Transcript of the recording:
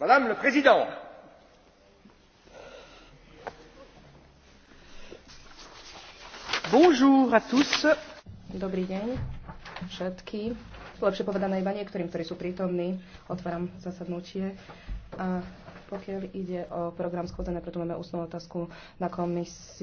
Madame le Président, Bonjour à tous. Dobrý deň všetkým. Lepšie povedané iba niektorým, ktorí sú prítomní. Otváram zasadnutie. A pokiaľ ide o program schôdzené, preto máme ústnu otázku na komisiu.